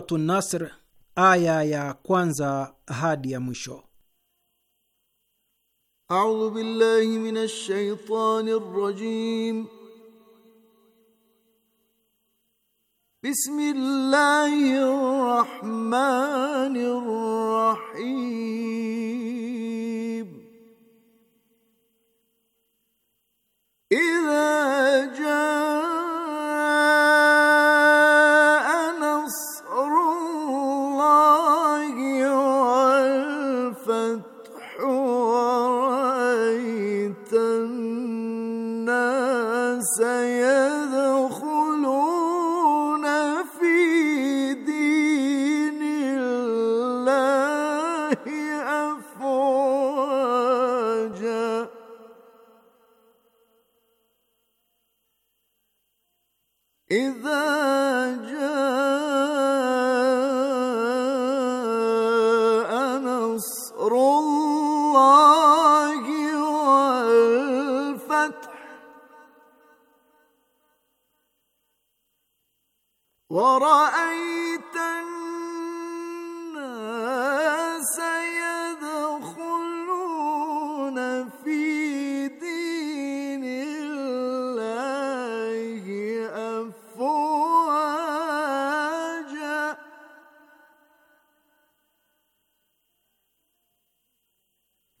Suratu Nasr aya ya kwanza hadi ya mwisho. Audhu billahi minash shaitani rrajim. Bismillahir rahmanir rahim سيجعل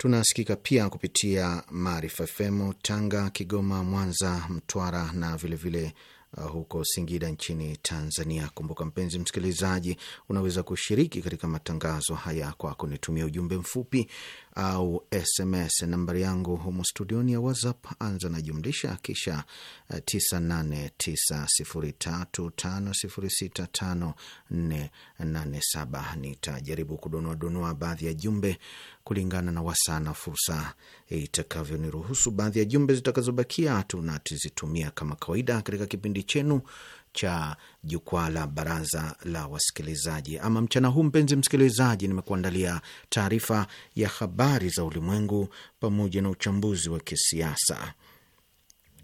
Tunasikika pia kupitia Maarifa FM Tanga, Kigoma, Mwanza, Mtwara na vilevile vile uh, huko Singida nchini Tanzania. Kumbuka mpenzi msikilizaji, unaweza kushiriki katika matangazo haya kwa kunitumia ujumbe mfupi au SMS. Nambari yangu humu studioni ya WhatsApp anza na jumlisha kisha 989035065487. Eh, Nitajaribu kudonoadonoa baadhi ya jumbe kulingana na wasaa na fursa itakavyoniruhusu. Baadhi ya jumbe zitakazobakia tunatizitumia kama kawaida katika kipindi chenu cha jukwaa la baraza la wasikilizaji. Ama mchana huu, mpenzi msikilizaji, nimekuandalia taarifa ya habari za ulimwengu pamoja na uchambuzi wa kisiasa.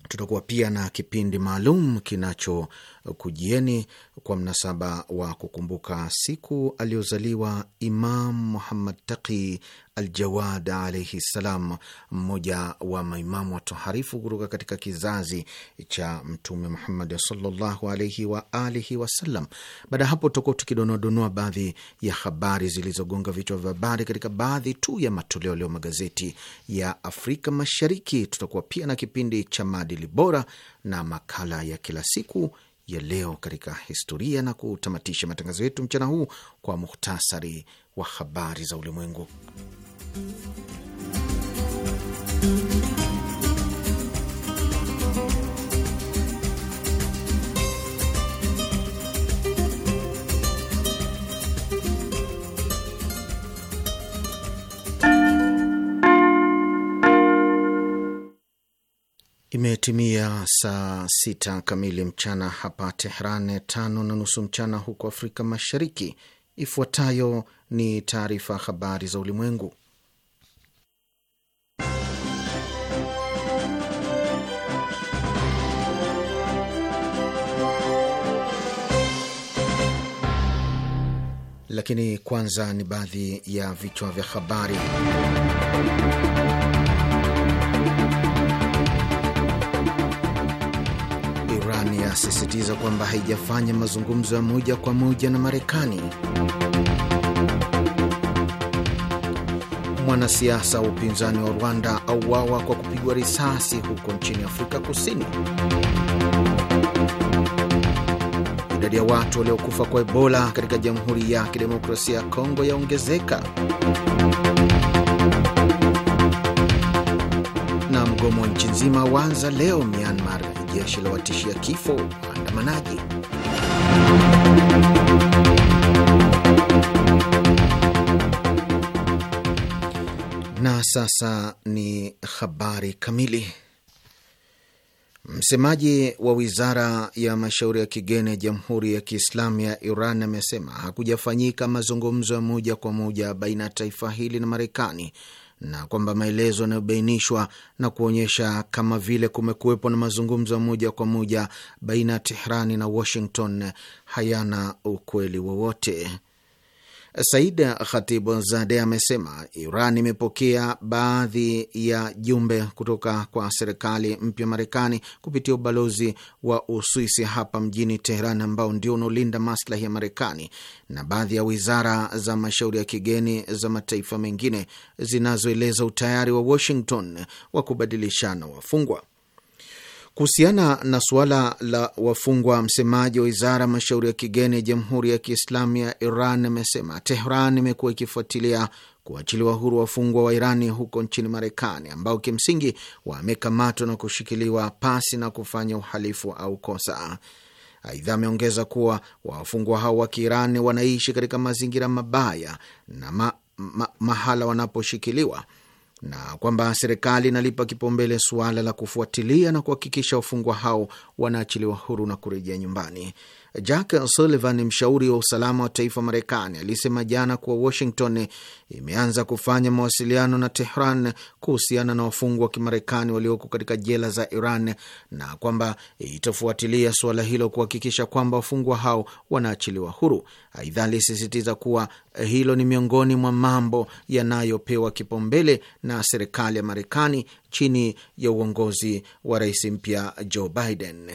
Tutakuwa pia na kipindi maalum kinachokujieni kwa mnasaba wa kukumbuka siku aliyozaliwa Imam Muhammad Taqi Aljawad alaihi ssalam, mmoja wa maimamu watoharifu kutoka katika kizazi cha Mtume Muhammad sallallahu alaihi wa alihi wasallam. Baada ya hapo, tutakuwa tukidonoadonoa baadhi ya habari zilizogonga vichwa vya habari katika baadhi tu ya matoleo leo magazeti ya Afrika Mashariki. Tutakuwa pia na kipindi cha maadili bora na makala ya kila siku ya leo katika historia na kutamatisha matangazo yetu mchana huu kwa muhtasari wa habari za ulimwengu. Imetimia saa sita kamili mchana hapa Tehran, tano na nusu mchana huko Afrika Mashariki. Ifuatayo ni taarifa habari za ulimwengu, lakini kwanza ni baadhi ya vichwa vya habari. Iran yasisitiza kwamba haijafanya mazungumzo ya moja kwa moja na Marekani. Mwanasiasa wa upinzani wa Rwanda auawa kwa kupigwa risasi huko nchini Afrika Kusini. Idadi ya watu waliokufa kwa Ebola katika Jamhuri ya Kidemokrasia ya Kongo yaongezeka. Na mgomo wa nchi nzima waanza leo Myanmar, jeshi la watishia kifo waandamanaji. Na sasa ni habari kamili. Msemaji wa wizara ya mashauri ya kigeni ya Jamhuri ya Kiislamu ya Iran amesema hakujafanyika mazungumzo ya moja kwa moja baina ya taifa hili na Marekani na kwamba maelezo yanayobainishwa na kuonyesha kama vile kumekuwepo na mazungumzo ya moja kwa moja baina ya Tehrani na Washington hayana ukweli wowote. Saida zade amesema Iran imepokea baadhi ya jumbe kutoka kwa serikali mpya Marekani kupitia ubalozi wa Uswisi hapa mjini Teheran, ambao ndio unaolinda maslahi ya Marekani na baadhi ya wizara za mashauri ya kigeni za mataifa mengine zinazoeleza utayari wa Washington wa kubadilishana wafungwa. Kuhusiana na suala la wafungwa, msemaji wa wizara mashauri ya kigeni ya Jamhuri ya Kiislamu ya Iran amesema Tehran imekuwa ikifuatilia kuachiliwa huru wafungwa wa Irani huko nchini Marekani ambao kimsingi wamekamatwa na kushikiliwa pasi na kufanya uhalifu au kosa. Aidha, ameongeza kuwa wafungwa hao wa Kiirani wanaishi katika mazingira mabaya na ma, ma, mahala wanaposhikiliwa na kwamba serikali inalipa kipaumbele suala la kufuatilia na kuhakikisha wafungwa hao wanaachiliwa huru na kurejea nyumbani. Jack Sullivan, mshauri wa usalama wa taifa Marekani, alisema jana kuwa Washington imeanza kufanya mawasiliano na Tehran kuhusiana na wafungwa wa Kimarekani walioko katika jela za Iran na kwamba itafuatilia suala hilo kuhakikisha kwamba wafungwa hao wanaachiliwa huru. Aidha, alisisitiza kuwa hilo ni miongoni mwa mambo yanayopewa kipaumbele na serikali ya Marekani chini ya uongozi wa rais mpya Joe Biden.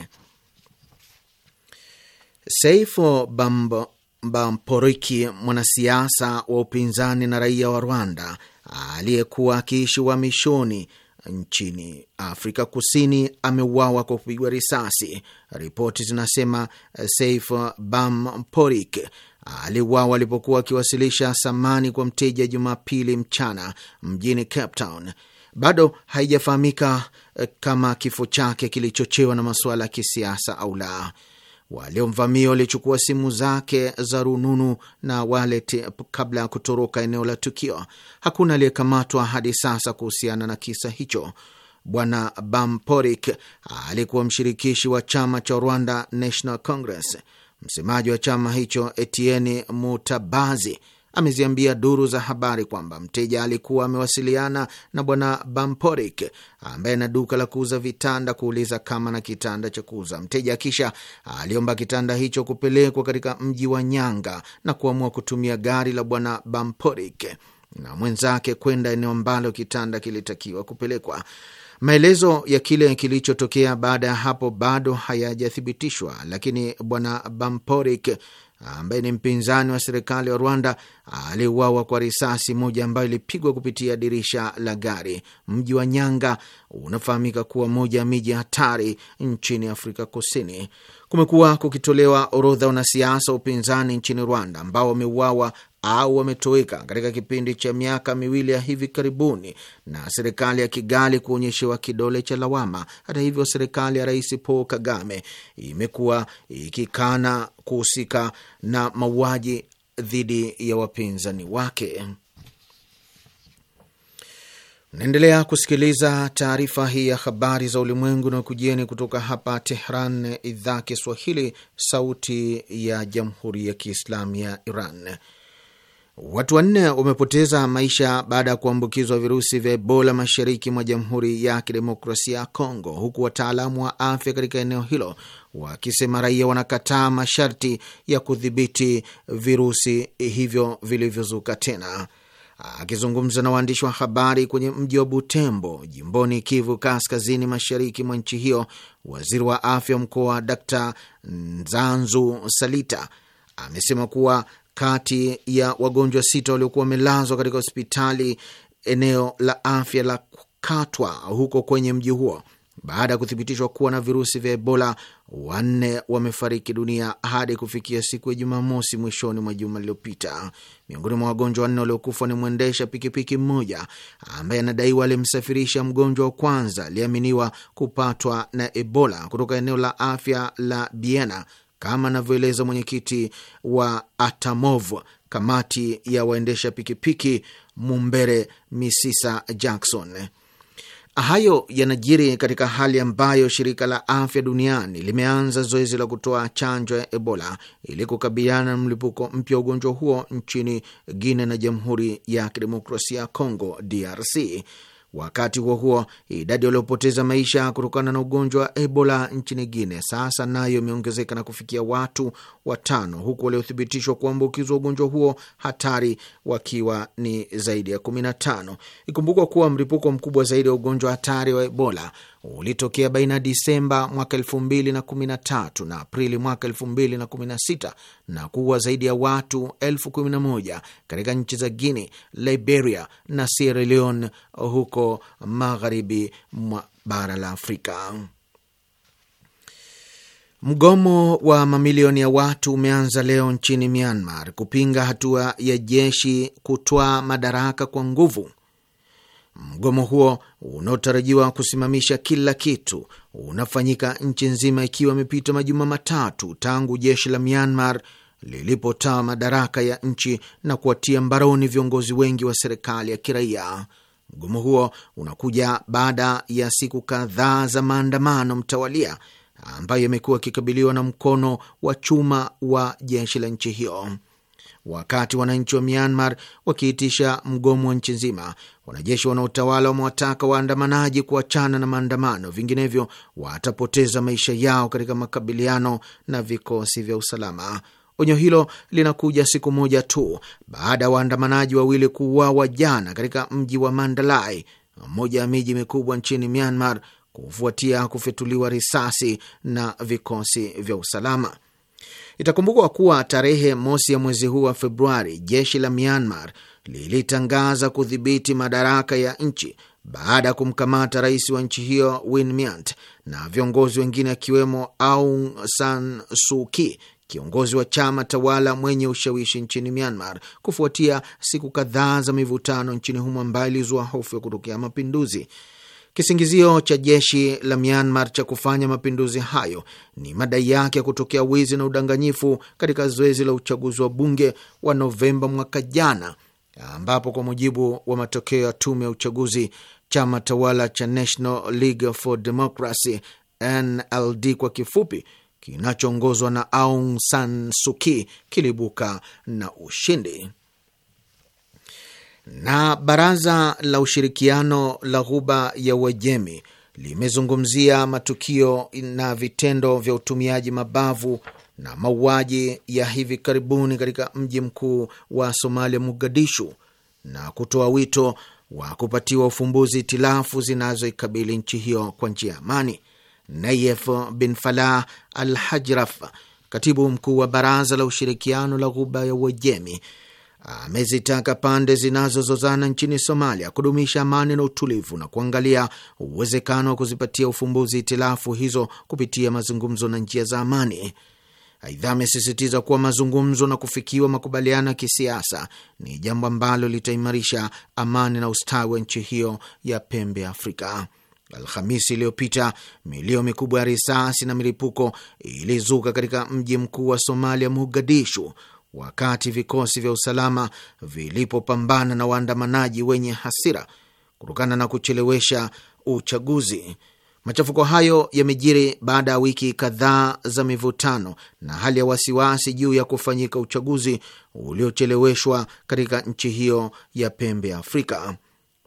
Seifo Bambo, Bamporiki, mwanasiasa wa upinzani na raia wa Rwanda aliyekuwa akiishi uhamishoni nchini Afrika Kusini ameuawa kwa kupigwa risasi. Ripoti zinasema eh, Seif Bamporik aliuawa alipokuwa akiwasilisha samani kwa mteja Jumapili mchana mjini Cape Town. Bado haijafahamika eh, kama kifo chake kilichochewa na masuala ya kisiasa au la. Waliomvamia walichukua simu zake za rununu na walet kabla ya kutoroka eneo la tukio. Hakuna aliyekamatwa hadi sasa kuhusiana na kisa hicho. Bwana Bamporik alikuwa mshirikishi wa chama cha Rwanda National Congress. Msemaji wa chama hicho Etienne Mutabazi ameziambia duru za habari kwamba mteja alikuwa amewasiliana na bwana Bamporik ambaye ana duka la kuuza vitanda kuuliza kama na kitanda cha kuuza. Mteja kisha aliomba kitanda hicho kupelekwa katika mji wa Nyanga na kuamua kutumia gari la bwana Bamporik na mwenzake kwenda eneo ambalo kitanda kilitakiwa kupelekwa. Maelezo ya kile kilichotokea baada ya hapo bado hayajathibitishwa, lakini bwana Bamporik ambaye ni mpinzani wa serikali ya Rwanda aliuawa kwa risasi moja ambayo ilipigwa kupitia dirisha la gari. Mji wa Nyanga unafahamika kuwa moja ya miji hatari nchini Afrika Kusini kumekuwa kukitolewa orodha wanasiasa wa upinzani nchini Rwanda ambao wameuawa au wametoweka katika kipindi cha miaka miwili ya hivi karibuni, na serikali ya Kigali kuonyeshewa kidole cha lawama. Hata hivyo, serikali ya Rais Paul Kagame imekuwa ikikana kuhusika na mauaji dhidi ya wapinzani wake. Naendelea kusikiliza taarifa hii ya habari za ulimwengu na kujieni kutoka hapa Tehran, idhaa Kiswahili, sauti ya jamhuri ya kiislamu ya Iran. Watu wanne wamepoteza maisha baada ya kuambukizwa virusi vya Ebola mashariki mwa Jamhuri ya Kidemokrasia ya Kongo, huku wataalamu wa afya katika eneo hilo wakisema raia wanakataa masharti ya kudhibiti virusi hivyo vilivyozuka tena. Akizungumza na waandishi wa habari kwenye mji wa Butembo, jimboni Kivu Kaskazini, mashariki mwa nchi hiyo, waziri wa afya mkoa Dkt Nzanzu Salita amesema kuwa kati ya wagonjwa sita waliokuwa wamelazwa katika hospitali eneo la afya la Katwa huko kwenye mji huo baada ya kuthibitishwa kuwa na virusi vya Ebola, wanne wamefariki dunia hadi kufikia siku ya Jumamosi mwishoni mwa juma lililopita. Miongoni mwa wagonjwa wanne waliokufa ni mwendesha pikipiki mmoja ambaye anadaiwa alimsafirisha mgonjwa wa kwanza aliyeaminiwa kupatwa na Ebola kutoka eneo la afya la Biena, kama anavyoeleza mwenyekiti wa Atamov, kamati ya waendesha pikipiki Mumbere Misisa Jackson. Hayo yanajiri katika hali ambayo shirika la afya duniani limeanza zoezi la kutoa chanjo ya Ebola ili kukabiliana na mlipuko mpya wa ugonjwa huo nchini Guinea na Jamhuri ya Kidemokrasia ya Kongo, DRC, Wakati huo huo, idadi waliopoteza maisha kutokana na ugonjwa wa Ebola nchini Guine sasa nayo imeongezeka na kufikia watu watano, huku waliothibitishwa kuambukizwa ugonjwa huo hatari wakiwa ni zaidi ya 15. Ikumbukwa kuwa mlipuko mkubwa zaidi wa ugonjwa hatari wa Ebola ulitokea baina ya Disemba mwaka 2013 na Aprili mwaka mbili na kuwa zaidi ya watu elfu kumi na moja katika nchi za Guinea, Liberia na Sierra Leone huko magharibi mwa bara la Afrika. Mgomo wa mamilioni ya watu umeanza leo nchini Myanmar kupinga hatua ya jeshi kutwaa madaraka kwa nguvu Mgomo huo unaotarajiwa kusimamisha kila kitu unafanyika nchi nzima ikiwa imepita majuma matatu tangu jeshi la Myanmar lilipotaa madaraka ya nchi na kuwatia mbaroni viongozi wengi wa serikali ya kiraia. Mgomo huo unakuja baada ya siku kadhaa za maandamano mtawalia ambayo imekuwa ikikabiliwa na mkono wa chuma wa jeshi la nchi hiyo wakati wananchi wa Myanmar wakiitisha mgomo wa nchi nzima, wanajeshi wanaotawala wamewataka waandamanaji kuachana na maandamano, vinginevyo watapoteza maisha yao katika makabiliano na vikosi vya usalama. Onyo hilo linakuja siku moja tu baada ya waandamanaji wawili kuuawa jana katika mji wa Mandalay, mmoja ya miji mikubwa nchini Myanmar, kufuatia kufyatuliwa risasi na vikosi vya usalama. Itakumbukwa kuwa tarehe mosi ya mwezi huu wa Februari, jeshi la Myanmar lilitangaza kudhibiti madaraka ya nchi baada ya kumkamata rais wa nchi hiyo Win Myint na viongozi wengine akiwemo Aung San Suu Kyi, kiongozi wa chama tawala mwenye ushawishi nchini Myanmar, kufuatia siku kadhaa za mivutano nchini humo ambayo ilizua hofu ya kutokea mapinduzi. Kisingizio cha jeshi la Myanmar cha kufanya mapinduzi hayo ni madai yake ya kutokea wizi na udanganyifu katika zoezi la uchaguzi wa bunge wa Novemba mwaka jana, ambapo kwa mujibu wa matokeo ya tume ya uchaguzi, chama tawala cha National League for Democracy NLD kwa kifupi, kinachoongozwa na Aung San Suu Kyi na ushindi. Na baraza la ushirikiano la Ghuba ya Uajemi limezungumzia matukio na vitendo vya utumiaji mabavu na mauaji ya hivi karibuni katika mji mkuu wa Somalia, Mogadishu, na kutoa wito wa kupatiwa ufumbuzi itilafu zinazoikabili nchi hiyo kwa njia ya amani. Nayef bin Falah al Hajraf, katibu mkuu wa baraza la ushirikiano la Ghuba ya Uajemi, amezitaka pande zinazozozana nchini Somalia kudumisha amani na utulivu na kuangalia uwezekano wa kuzipatia ufumbuzi itilafu hizo kupitia mazungumzo na njia za amani. Aidha, amesisitiza kuwa mazungumzo na kufikiwa makubaliano ya kisiasa ni jambo ambalo litaimarisha amani na ustawi wa nchi hiyo ya pembe ya Afrika. Alhamisi iliyopita milio mikubwa ya risasi na milipuko ilizuka katika mji mkuu wa Somalia, Mogadishu, wakati vikosi vya usalama vilipopambana na waandamanaji wenye hasira kutokana na kuchelewesha uchaguzi. Machafuko hayo yamejiri baada ya wiki kadhaa za mivutano na hali ya wasiwasi juu ya kufanyika uchaguzi uliocheleweshwa katika nchi hiyo ya pembe ya Afrika.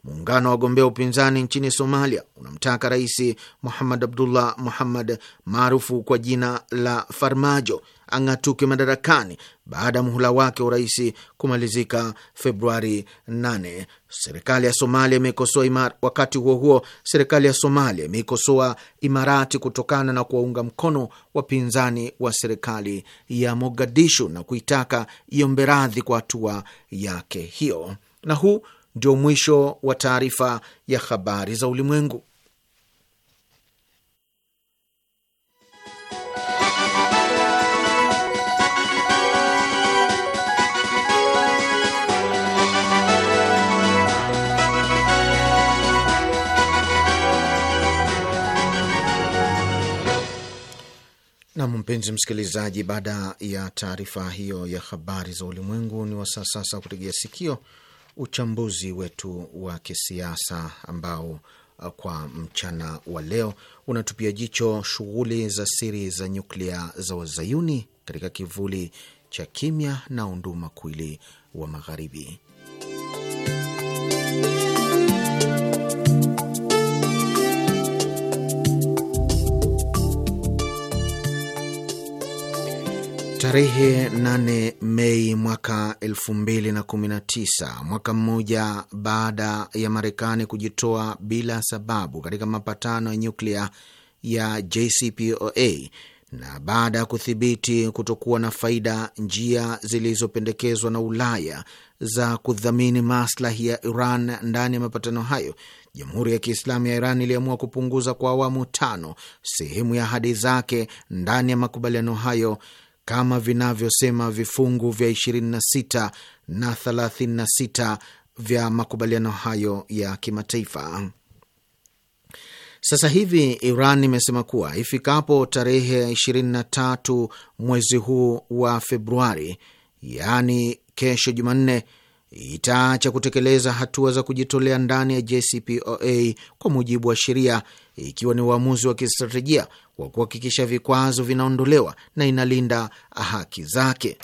Muungano wa wagombea upinzani nchini Somalia unamtaka Rais muhamad Abdullah Muhammad maarufu kwa jina la Farmajo ang'atuke madarakani baada ya muhula wake wa urais kumalizika Februari 8. Serikali ya Somalia imeikosoa imar... wakati huo huo, serikali ya Somalia imeikosoa Imarati kutokana na kuwaunga mkono wapinzani wa serikali ya Mogadishu na kuitaka iombe radhi kwa hatua yake hiyo. Na huu ndio mwisho wa taarifa ya habari za ulimwengu. Nam, mpenzi msikilizaji, baada ya taarifa hiyo ya habari za ulimwengu, ni wasaa sasa kutegea sikio uchambuzi wetu wa kisiasa ambao uh, kwa mchana wa leo unatupia jicho shughuli za siri za nyuklia za wazayuni katika kivuli cha kimya na unduma kwili wa magharibi. Tarehe 8 Mei mwaka 2019, mwaka mmoja baada ya Marekani kujitoa bila sababu katika mapatano ya nyuklia ya JCPOA na baada ya kuthibiti kutokuwa na faida njia zilizopendekezwa na Ulaya za kudhamini maslahi ya Iran ndani ya mapatano hayo, Jamhuri ya Kiislamu ya Iran iliamua kupunguza kwa awamu tano sehemu ya ahadi zake ndani ya makubaliano hayo kama vinavyosema vifungu vya 26 na 36 vya makubaliano hayo ya kimataifa. Sasa hivi Iran imesema kuwa ifikapo tarehe 23 mwezi huu wa Februari, yaani kesho Jumanne, itaacha kutekeleza hatua za kujitolea ndani ya JCPOA kwa mujibu wa sheria, ikiwa ni uamuzi wa kistratejia kwa kuhakikisha vikwazo vinaondolewa na inalinda haki zake.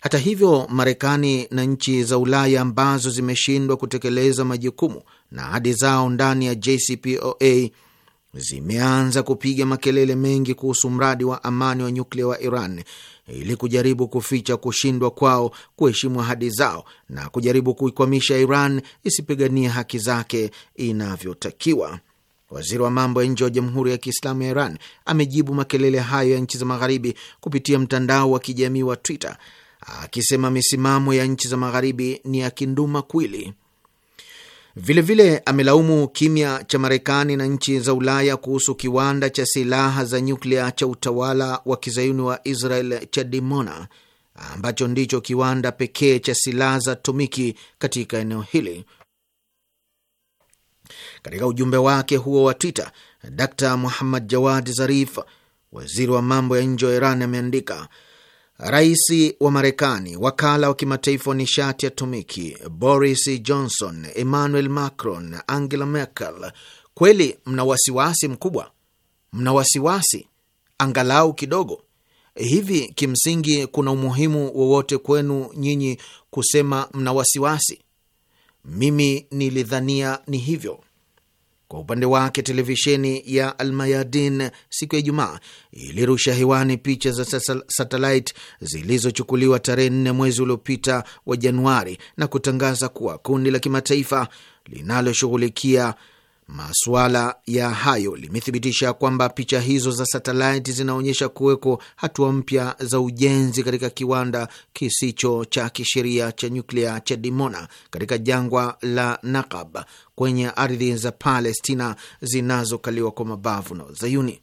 Hata hivyo, Marekani na nchi za Ulaya ambazo zimeshindwa kutekeleza majukumu na ahadi zao ndani ya JCPOA zimeanza kupiga makelele mengi kuhusu mradi wa amani wa nyuklia wa Iran ili kujaribu kuficha kushindwa kwao kuheshimu ahadi zao na kujaribu kuikwamisha Iran isipiganie haki zake inavyotakiwa. Waziri wa mambo ya nje wa Jamhuri ya Kiislamu ya Iran amejibu makelele hayo ya nchi za Magharibi kupitia mtandao wa kijamii wa Twitter akisema misimamo ya nchi za Magharibi ni ya kinduma kwili. Vilevile amelaumu kimya cha Marekani na nchi za Ulaya kuhusu kiwanda cha silaha za nyuklia cha utawala wa kizayuni wa Israel cha Dimona ambacho ndicho kiwanda pekee cha silaha za tumiki katika eneo hili. Katika ujumbe wake huo wa Twitter, Dr Muhammad Jawad Zarif, waziri wa mambo ya nje wa Iran, ameandika Rais wa Marekani, wakala wa kimataifa wa nishati ya tumiki Boris Johnson, Emmanuel Macron na Angela Merkel, kweli mna wasiwasi mkubwa, mna wasiwasi angalau kidogo hivi. Kimsingi, kuna umuhimu wowote kwenu nyinyi kusema mna wasiwasi? Mimi nilidhania ni hivyo. Kwa upande wake televisheni ya Almayadin siku ya Ijumaa ilirusha hewani picha za satelaiti zilizochukuliwa tarehe nne mwezi uliopita wa Januari na kutangaza kuwa kundi la kimataifa linaloshughulikia Masuala ya hayo limethibitisha kwamba picha hizo za satelaiti zinaonyesha kuweko hatua mpya za ujenzi katika kiwanda kisicho cha kisheria cha nyuklia cha Dimona katika jangwa la Nakab kwenye ardhi za Palestina zinazokaliwa kwa mabavu na Wazayuni.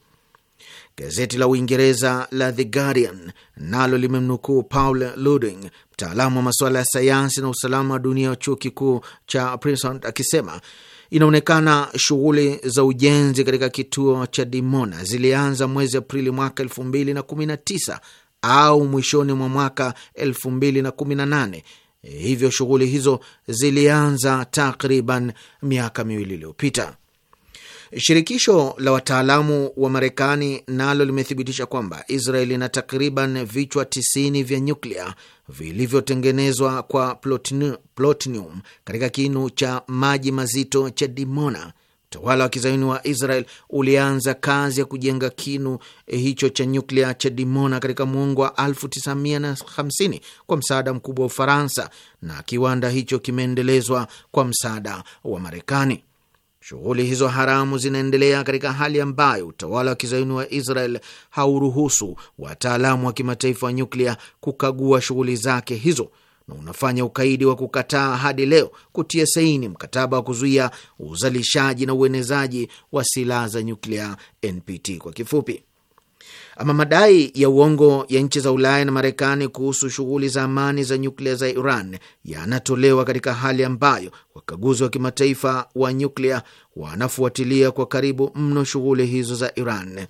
Gazeti la Uingereza la The Guardian nalo limemnukuu Paul Luding, mtaalamu wa masuala ya sayansi na usalama wa dunia wa chuo kikuu cha Princeton akisema Inaonekana shughuli za ujenzi katika kituo cha Dimona zilianza mwezi Aprili mwaka elfu mbili na kumi na tisa au mwishoni mwa mwaka elfu mbili na kumi na nane hivyo shughuli hizo zilianza takriban miaka miwili iliyopita. Shirikisho la wataalamu wa Marekani nalo limethibitisha kwamba Israel ina takriban vichwa 90 vya nyuklia vilivyotengenezwa kwa plutonium katika kinu cha maji mazito cha Dimona. Utawala wa kizayuni wa Israel ulianza kazi ya kujenga kinu hicho cha nyuklia cha Dimona katika mwongo wa 1950 kwa msaada mkubwa wa Ufaransa, na kiwanda hicho kimeendelezwa kwa msaada wa Marekani. Shughuli hizo haramu zinaendelea katika hali ambayo utawala wa kizayuni wa Israel hauruhusu wataalamu wa kimataifa wa nyuklia kukagua shughuli zake hizo na unafanya ukaidi wa kukataa hadi leo kutia saini mkataba wa kuzuia uzalishaji na uenezaji wa silaha za nyuklia NPT kwa kifupi. Ama madai ya uongo ya nchi za Ulaya na Marekani kuhusu shughuli za amani za nyuklia za Iran yanatolewa katika hali ambayo wakaguzi wa kimataifa wa nyuklia wanafuatilia kwa karibu mno shughuli hizo za Iran.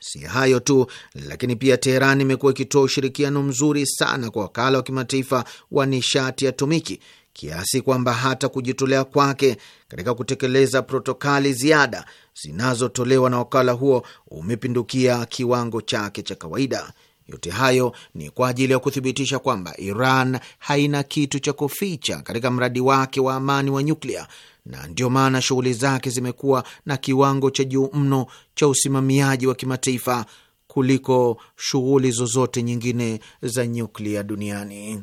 Si hayo tu, lakini pia Teheran imekuwa ikitoa ushirikiano mzuri sana kwa wakala wa kimataifa wa nishati ya atomiki kiasi kwamba hata kujitolea kwake katika kutekeleza protokali ziada zinazotolewa na wakala huo umepindukia kiwango chake cha kawaida. Yote hayo ni kwa ajili ya kuthibitisha kwamba Iran haina kitu cha kuficha katika mradi wake wa amani wa nyuklia, na ndio maana shughuli zake zimekuwa na kiwango cha juu mno cha usimamiaji wa kimataifa kuliko shughuli zozote nyingine za nyuklia duniani.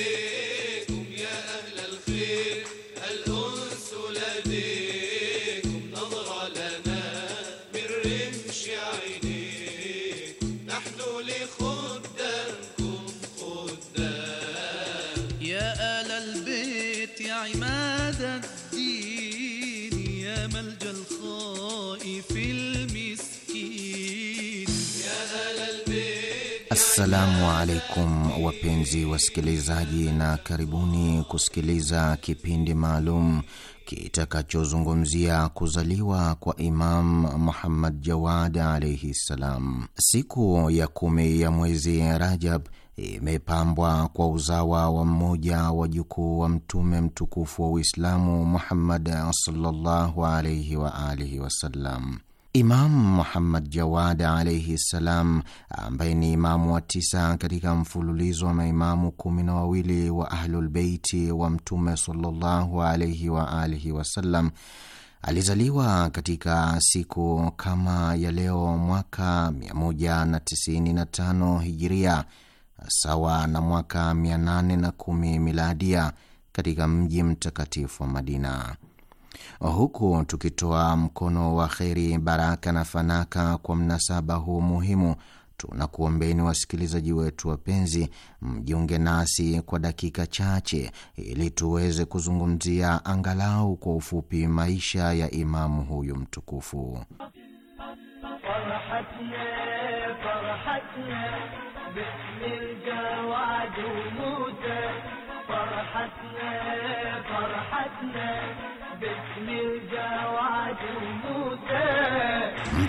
Assalamu alaikum wapenzi wasikilizaji, na karibuni kusikiliza kipindi maalum kitakachozungumzia kuzaliwa kwa Imam Muhammad Jawad alaihi ssalam. Siku ya kumi ya mwezi Rajab imepambwa kwa uzawa wa mmoja wa jukuu wa mtume mtukufu wa Uislamu Muhammad sallallahu alaihi waalihi wasallam. Imamu Muhammad Jawad alaihi ssalam, ambaye ni imamu wa tisa katika mfululizo wa maimamu kumi na wawili wa Ahlulbeiti wa Mtume sallallahu alaihi waalihi wasallam alizaliwa katika siku kama ya leo mwaka 195 hijiria sawa na mwaka 810 miladia katika mji mtakatifu wa Madina huku tukitoa mkono wa kheri, baraka na fanaka kwa mnasaba huu muhimu. kuombeni wasikilizaji wetu wapenzi, mjiunge nasi kwa dakika chache ili tuweze kuzungumzia angalau kwa ufupi maisha ya imamu huyu mtukufu.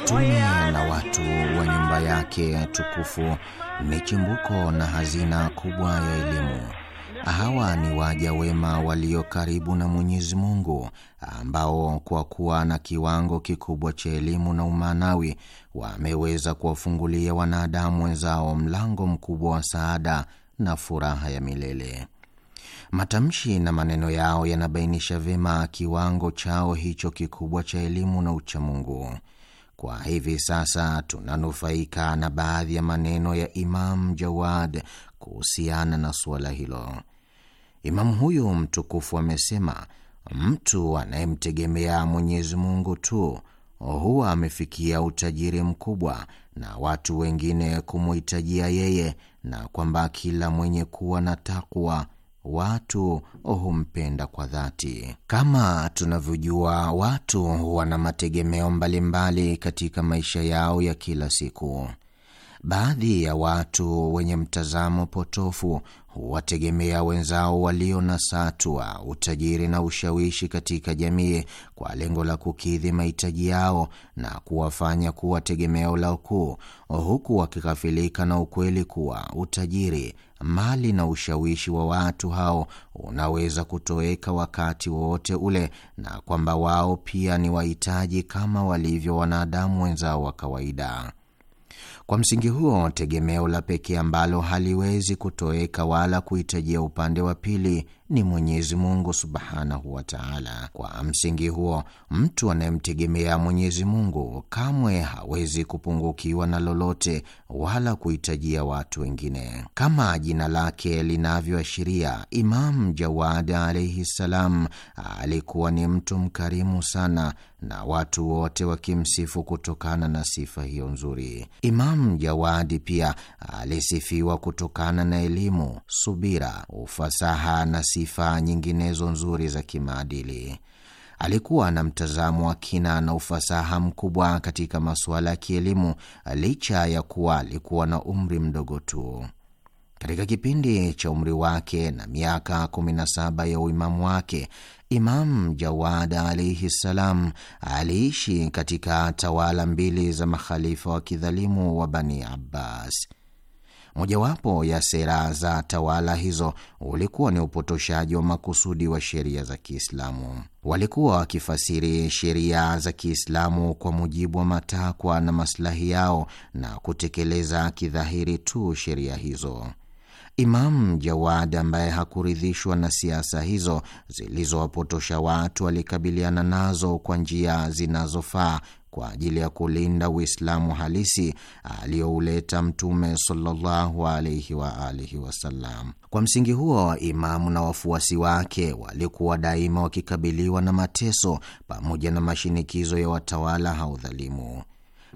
Mtume na watu wa nyumba yake tukufu ni chimbuko na hazina kubwa ya elimu. Hawa ni waja wema walio karibu na Mwenyezi Mungu, ambao kwa kuwa na kiwango kikubwa cha elimu na umanawi wameweza kuwafungulia wanadamu wenzao mlango mkubwa wa saada na furaha ya milele. Matamshi na maneno yao yanabainisha vyema kiwango chao hicho kikubwa cha elimu na uchamungu. Kwa hivi sasa tunanufaika na baadhi ya maneno ya Imam Jawad kuhusiana na suala hilo. Imamu huyu mtukufu amesema, mtu anayemtegemea Mwenyezi Mungu tu huwa amefikia utajiri mkubwa na watu wengine kumuhitajia yeye, na kwamba kila mwenye kuwa na takwa watu humpenda kwa dhati. Kama tunavyojua, watu wana mategemeo mbalimbali katika maisha yao ya kila siku. Baadhi ya watu wenye mtazamo potofu huwategemea wenzao walio na satwa, utajiri na ushawishi katika jamii kwa lengo la kukidhi mahitaji yao na kuwafanya kuwa tegemeo lao kuu, huku wakighafilika na ukweli kuwa utajiri, mali na ushawishi wa watu hao unaweza kutoweka wakati wowote ule, na kwamba wao pia ni wahitaji kama walivyo wanadamu wenzao wa kawaida. Kwa msingi huo, tegemeo la pekee ambalo haliwezi kutoweka wala kuhitajia upande wa pili ni Mwenyezi Mungu subhanahu wa taala. Kwa msingi huo, mtu anayemtegemea Mwenyezi Mungu kamwe hawezi kupungukiwa na lolote wala kuhitajia watu wengine. Kama jina lake linavyoashiria, Imam Jawad alaihi ssalam alikuwa ni mtu mkarimu sana na watu wote wakimsifu kutokana na sifa hiyo nzuri. Imam Jawadi pia alisifiwa kutokana na elimu, subira, ufasaha na sifa sifa nyinginezo nzuri za kimaadili. Alikuwa na mtazamo wa kina na ufasaha mkubwa katika masuala ya kielimu, licha ya kuwa alikuwa na umri mdogo tu. Katika kipindi cha umri wake na miaka 17 ya uimamu wake, Imam Jawad alaihi ssalam aliishi katika tawala mbili za makhalifa wa kidhalimu wa Bani Abbas. Mojawapo ya sera za tawala hizo ulikuwa ni upotoshaji wa makusudi wa sheria za Kiislamu. Walikuwa wakifasiri sheria za Kiislamu kwa mujibu wa matakwa na masilahi yao na kutekeleza kidhahiri tu sheria hizo. Imam Jawad ambaye hakuridhishwa na siasa hizo zilizowapotosha watu alikabiliana nazo kwa njia zinazofaa kwa ajili ya kulinda Uislamu halisi aliyouleta Mtume sallallahu alaihi wa alihi wasallam. Kwa msingi huo, Imamu na wafuasi wake walikuwa daima wakikabiliwa na mateso pamoja na mashinikizo ya watawala haudhalimu.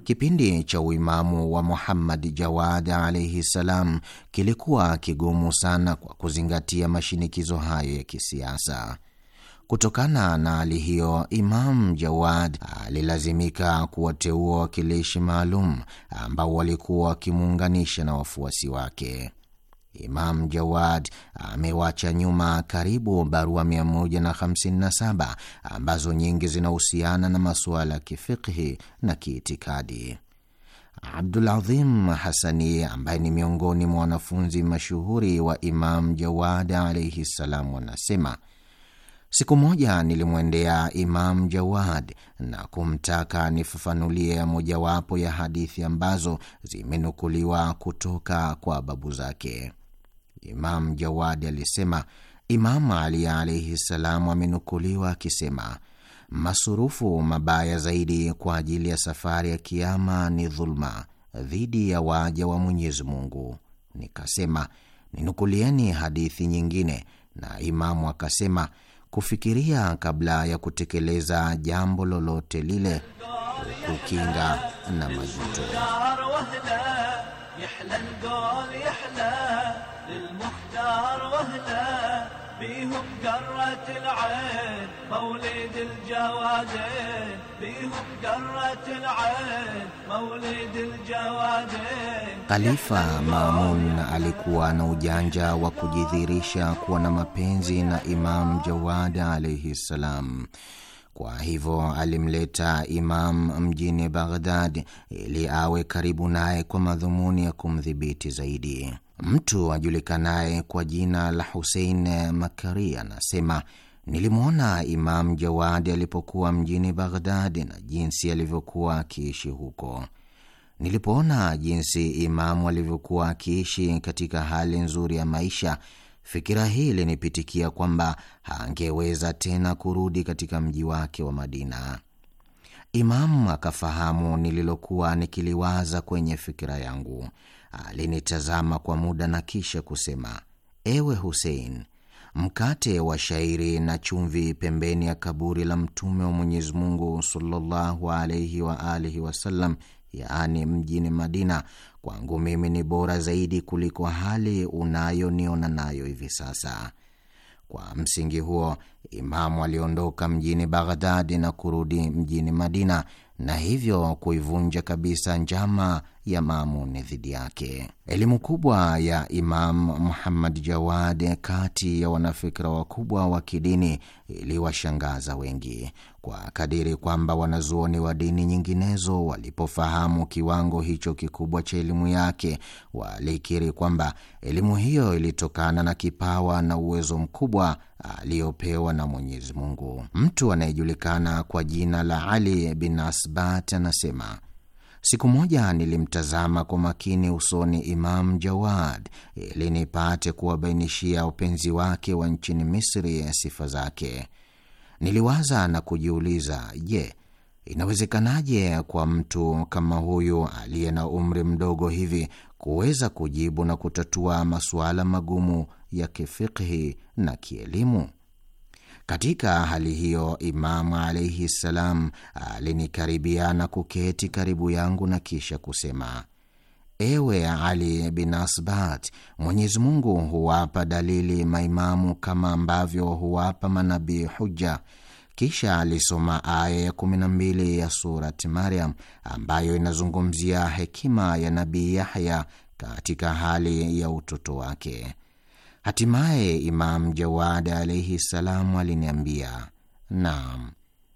Kipindi cha uimamu wa Muhammad Jawad alaihi salam kilikuwa kigumu sana kwa kuzingatia mashinikizo hayo ya kisiasa. Kutokana na hali hiyo, Imam Jawad alilazimika kuwateua wakilishi maalum ambao walikuwa wakimuunganisha na wafuasi wake. Imam Jawad amewacha nyuma karibu barua 157 ambazo nyingi zinahusiana na masuala ya kifikhi na kiitikadi. Abdul Adhim Hasani, ambaye ni miongoni mwa wanafunzi mashuhuri wa Imam Jawad alaihi ssalam, anasema Siku moja nilimwendea Imam Jawad na kumtaka nifafanulie mojawapo ya hadithi ambazo zimenukuliwa kutoka kwa babu zake. Imam Jawad alisema imamu Ali alaihi ssalam amenukuliwa akisema, masurufu mabaya zaidi kwa ajili ya safari ya Kiama ni dhulma dhidi ya waja wa Mwenyezi Mungu. Nikasema, ninukulieni hadithi nyingine, na Imamu akasema kufikiria kabla ya kutekeleza jambo lolote lile, kukinga na majuto. بيهم قرة العين مولد الجوادين بيهم قرة العين مولد الجوادين Khalifa mamun alikuwa na ujanja wa kujidhihirisha kuwa na mapenzi na Imam Jawad alaihi ssalam. Kwa hivyo alimleta Imam mjini Baghdad ili awe karibu naye kwa madhumuni ya kumdhibiti zaidi. Mtu ajulikanaye kwa jina la Husein Makari anasema nilimwona Imam Jawadi alipokuwa mjini Baghdadi na jinsi alivyokuwa akiishi huko. Nilipoona jinsi Imamu alivyokuwa akiishi katika hali nzuri ya maisha, fikira hii ilinipitikia kwamba hangeweza tena kurudi katika mji wake wa Madina. Imamu akafahamu nililokuwa nikiliwaza kwenye fikira yangu alinitazama kwa muda na kisha kusema, ewe Husein, mkate wa shairi na chumvi pembeni ya kaburi la Mtume wa Mwenyezi Mungu sallallahu alaihi wa alihi wasallam, yaani mjini Madina, kwangu mimi ni bora zaidi kuliko hali unayoniona nayo hivi sasa. Kwa msingi huo, Imamu aliondoka mjini Baghdadi na kurudi mjini Madina, na hivyo kuivunja kabisa njama ya Maamuni dhidi yake. Elimu kubwa ya Imam Muhammad Jawad kati ya wanafikira wakubwa wa kidini iliwashangaza wengi kwa kadiri kwamba wanazuoni wa dini nyinginezo walipofahamu kiwango hicho kikubwa cha elimu yake, walikiri kwamba elimu hiyo ilitokana na kipawa na uwezo mkubwa aliyopewa na Mwenyezi Mungu. Mtu anayejulikana kwa jina la Ali bin Asbat anasema Siku moja nilimtazama kwa makini usoni Imam Jawad ili nipate kuwabainishia upenzi wake wa nchini Misri ya sifa zake. Niliwaza na kujiuliza, je, inawezekanaje kwa mtu kama huyu aliye na umri mdogo hivi kuweza kujibu na kutatua masuala magumu ya kifikhi na kielimu? Katika hali hiyo, Imamu alaihi ssalam alinikaribia na kuketi karibu yangu na kisha kusema: Ewe Ali bin Asbat, Mwenyezi Mungu huwapa dalili maimamu kama ambavyo huwapa manabii huja. Kisha alisoma aya ya kumi na mbili ya surat Maryam ambayo inazungumzia hekima ya Nabii Yahya katika hali ya utoto wake. Hatimaye Imam Jawad alaihi ssalamu aliniambia, naam,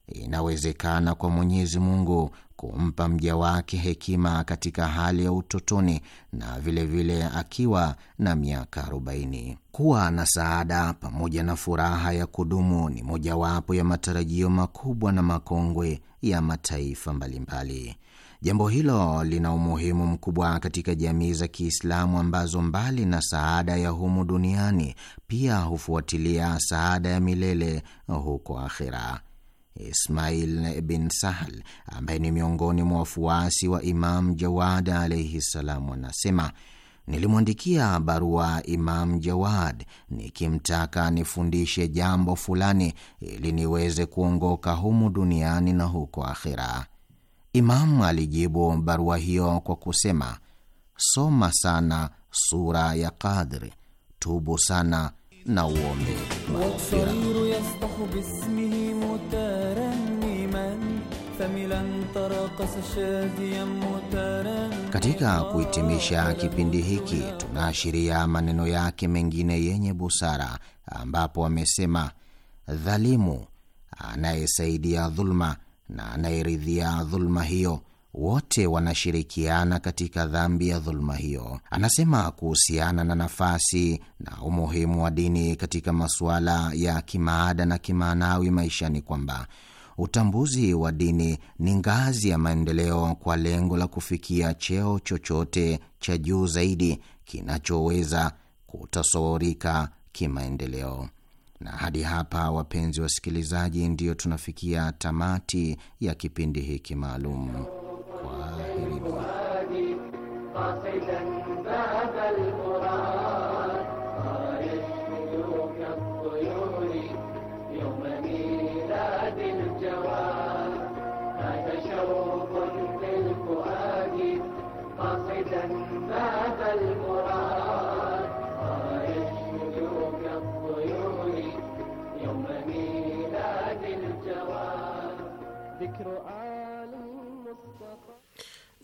inawezekana kwa Mwenyezi Mungu kumpa mja wake hekima katika hali ya utotoni na vilevile vile akiwa na miaka arobaini. Kuwa na saada pamoja na furaha ya kudumu ni mojawapo ya matarajio makubwa na makongwe ya mataifa mbalimbali mbali. Jambo hilo lina umuhimu mkubwa katika jamii za Kiislamu ambazo mbali na saada ya humu duniani pia hufuatilia saada ya milele huko akhira. Ismail bin Sahal ambaye ni miongoni mwa wafuasi wa Imam Jawad alaihi ssalam anasema Nilimwandikia barua Imam Jawad nikimtaka nifundishe jambo fulani ili niweze kuongoka humu duniani na huko akhira. Imam alijibu barua hiyo kwa kusema, soma sana sura ya Kadri, tubu sana na uombe Katika kuhitimisha kipindi hiki, tunaashiria maneno yake mengine yenye busara, ambapo amesema dhalimu anayesaidia dhuluma na anayeridhia dhuluma hiyo wote wanashirikiana katika dhambi ya dhuluma hiyo. Anasema kuhusiana na nafasi na umuhimu wa dini katika masuala ya kimaada na kimaanawi maishani kwamba utambuzi wa dini ni ngazi ya maendeleo kwa lengo la kufikia cheo chochote cha juu zaidi kinachoweza kutasaurika kimaendeleo. Na hadi hapa, wapenzi wasikilizaji, ndiyo tunafikia tamati ya kipindi hiki maalum. Kwaherini.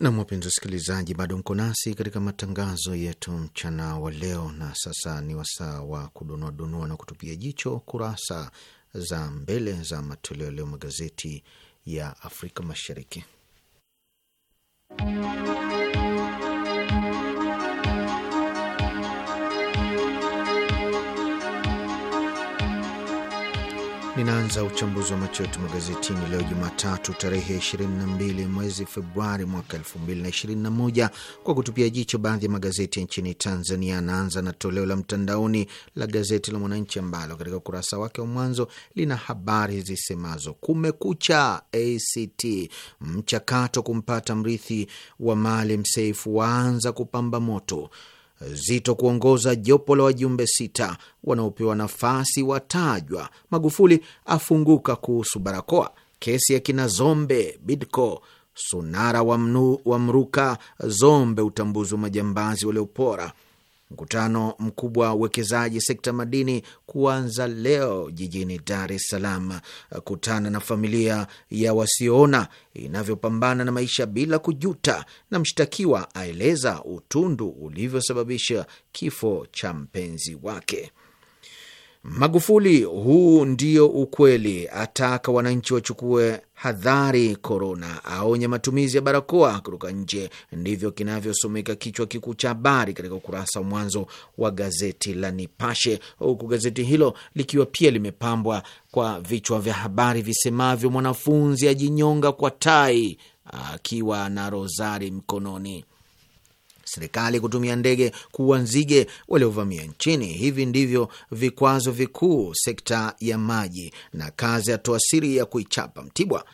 Nam, wapenzi wasikilizaji, bado mko nasi katika matangazo yetu mchana wa leo, na sasa ni wasaa wa kudunuadunua na kutupia jicho kurasa za mbele za matoleo leo magazeti ya Afrika Mashariki. Ninaanza uchambuzi wa macho yetu magazetini leo Jumatatu tarehe 22 mwezi Februari mwaka 2021 kwa kutupia jicho baadhi ya magazeti nchini Tanzania. Anaanza na toleo la mtandaoni la gazeti la Mwananchi ambalo katika ukurasa wake wa mwanzo lina habari zisemazo kumekucha, ACT mchakato kumpata mrithi wa Maalim Seif waanza kupamba moto Zito kuongoza jopo la wajumbe sita wanaopewa nafasi watajwa. Magufuli afunguka kuhusu barakoa. Kesi ya kina Zombe Bidco Sunara wa mruka Zombe utambuzi wa majambazi waliopora Mkutano mkubwa wa uwekezaji sekta madini kuanza leo jijini Dar es Salaam. Kutana na familia ya wasioona inavyopambana na maisha bila kujuta, na mshtakiwa aeleza utundu ulivyosababisha kifo cha mpenzi wake. Magufuli, huu ndio ukweli, ataka wananchi wachukue hadhari korona, aonye matumizi ya barakoa kutoka nje. Ndivyo kinavyosomeka kichwa kikuu cha habari katika ukurasa wa mwanzo wa gazeti la Nipashe, huku gazeti hilo likiwa pia limepambwa kwa vichwa vya habari visemavyo: mwanafunzi ajinyonga kwa tai akiwa na rozari mkononi serikali kutumia ndege kuua nzige waliovamia nchini. Hivi ndivyo vikwazo vikuu sekta ya maji na kazi ya toasiri ya kuichapa Mtibwa.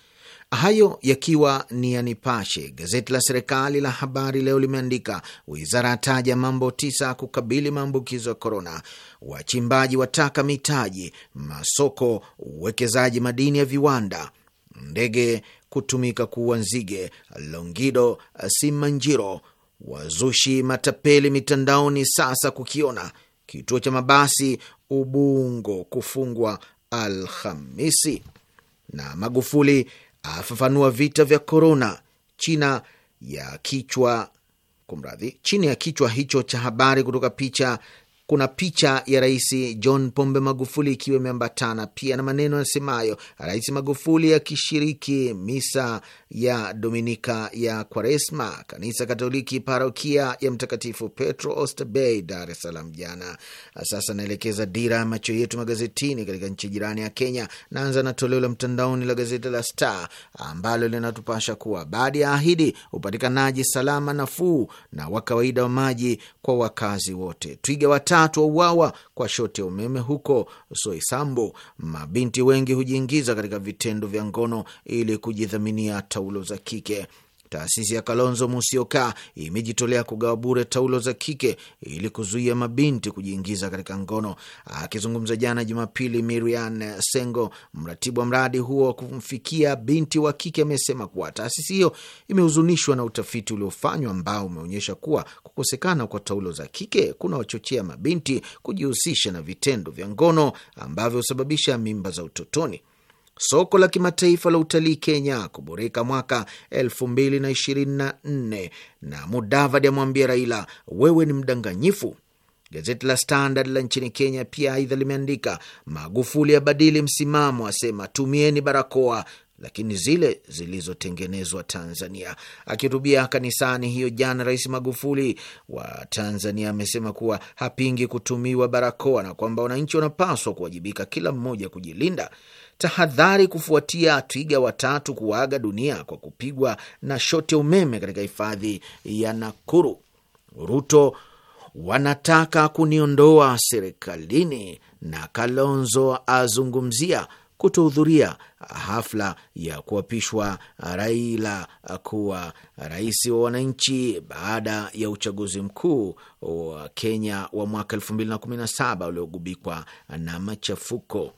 Hayo yakiwa ni ya Nipashe. Gazeti la serikali la Habari Leo limeandika wizara yataja mambo tisa kukabili maambukizo ya korona, wachimbaji wataka mitaji, masoko, uwekezaji madini ya viwanda, ndege kutumika kuua nzige, Longido Simanjiro wazushi matapeli mitandaoni sasa kukiona kituo cha mabasi Ubungo kufungwa Alhamisi, na Magufuli afafanua vita vya korona China ya kichwa kumradhi. Chini ya kichwa hicho cha habari kutoka picha kuna picha ya Rais John Pombe Magufuli ikiwa imeambatana pia na maneno yasemayo Rais Magufuli akishiriki misa ya Dominika ya Kwaresma, kanisa Katoliki parokia ya Mtakatifu Petro Oysterbay, Dar es Salaam jana. Sasa naelekeza dira ya macho yetu magazetini katika nchi jirani ya Kenya. Naanza na toleo la mtandaoni la gazeti la Star ambalo linatupasha kuwa baada ya ahidi upatikanaji salama nafuu na wa kawaida wa maji kwa wakazi wote. Twiga watatu wauawa kwa shoti ya umeme huko Soisambo. Mabinti wengi hujiingiza katika vitendo vya ngono ili kujidhaminia taulo za kike. Taasisi ya Kalonzo Musyoka imejitolea kugawa bure taulo za kike ili kuzuia mabinti kujiingiza katika ngono. Akizungumza jana Jumapili, Miriam Sengo, mratibu wa mradi huo wa kumfikia binti wa kike, amesema kuwa taasisi hiyo imehuzunishwa na utafiti uliofanywa ambao umeonyesha kuwa kukosekana kwa taulo za kike kunawachochea mabinti kujihusisha na vitendo vya ngono ambavyo husababisha mimba za utotoni. Soko la kimataifa la utalii Kenya kuboreka mwaka 2024 na Mudavadi amwambia Raila, wewe ni mdanganyifu. Gazeti la Standard la nchini Kenya pia aidha limeandika Magufuli abadili msimamo, asema tumieni barakoa lakini zile zilizotengenezwa Tanzania. Akihutubia kanisani hiyo jana, Rais Magufuli wa Tanzania amesema kuwa hapingi kutumiwa barakoa na kwamba wananchi wanapaswa kuwajibika kila mmoja kujilinda tahadhari kufuatia twiga watatu kuaga dunia kwa kupigwa na shoti ya umeme katika hifadhi ya Nakuru. Ruto wanataka kuniondoa serikalini, na Kalonzo azungumzia kutohudhuria hafla ya kuapishwa Raila kuwa rais wa wananchi baada ya uchaguzi mkuu wa Kenya wa mwaka 2017 uliogubikwa na machafuko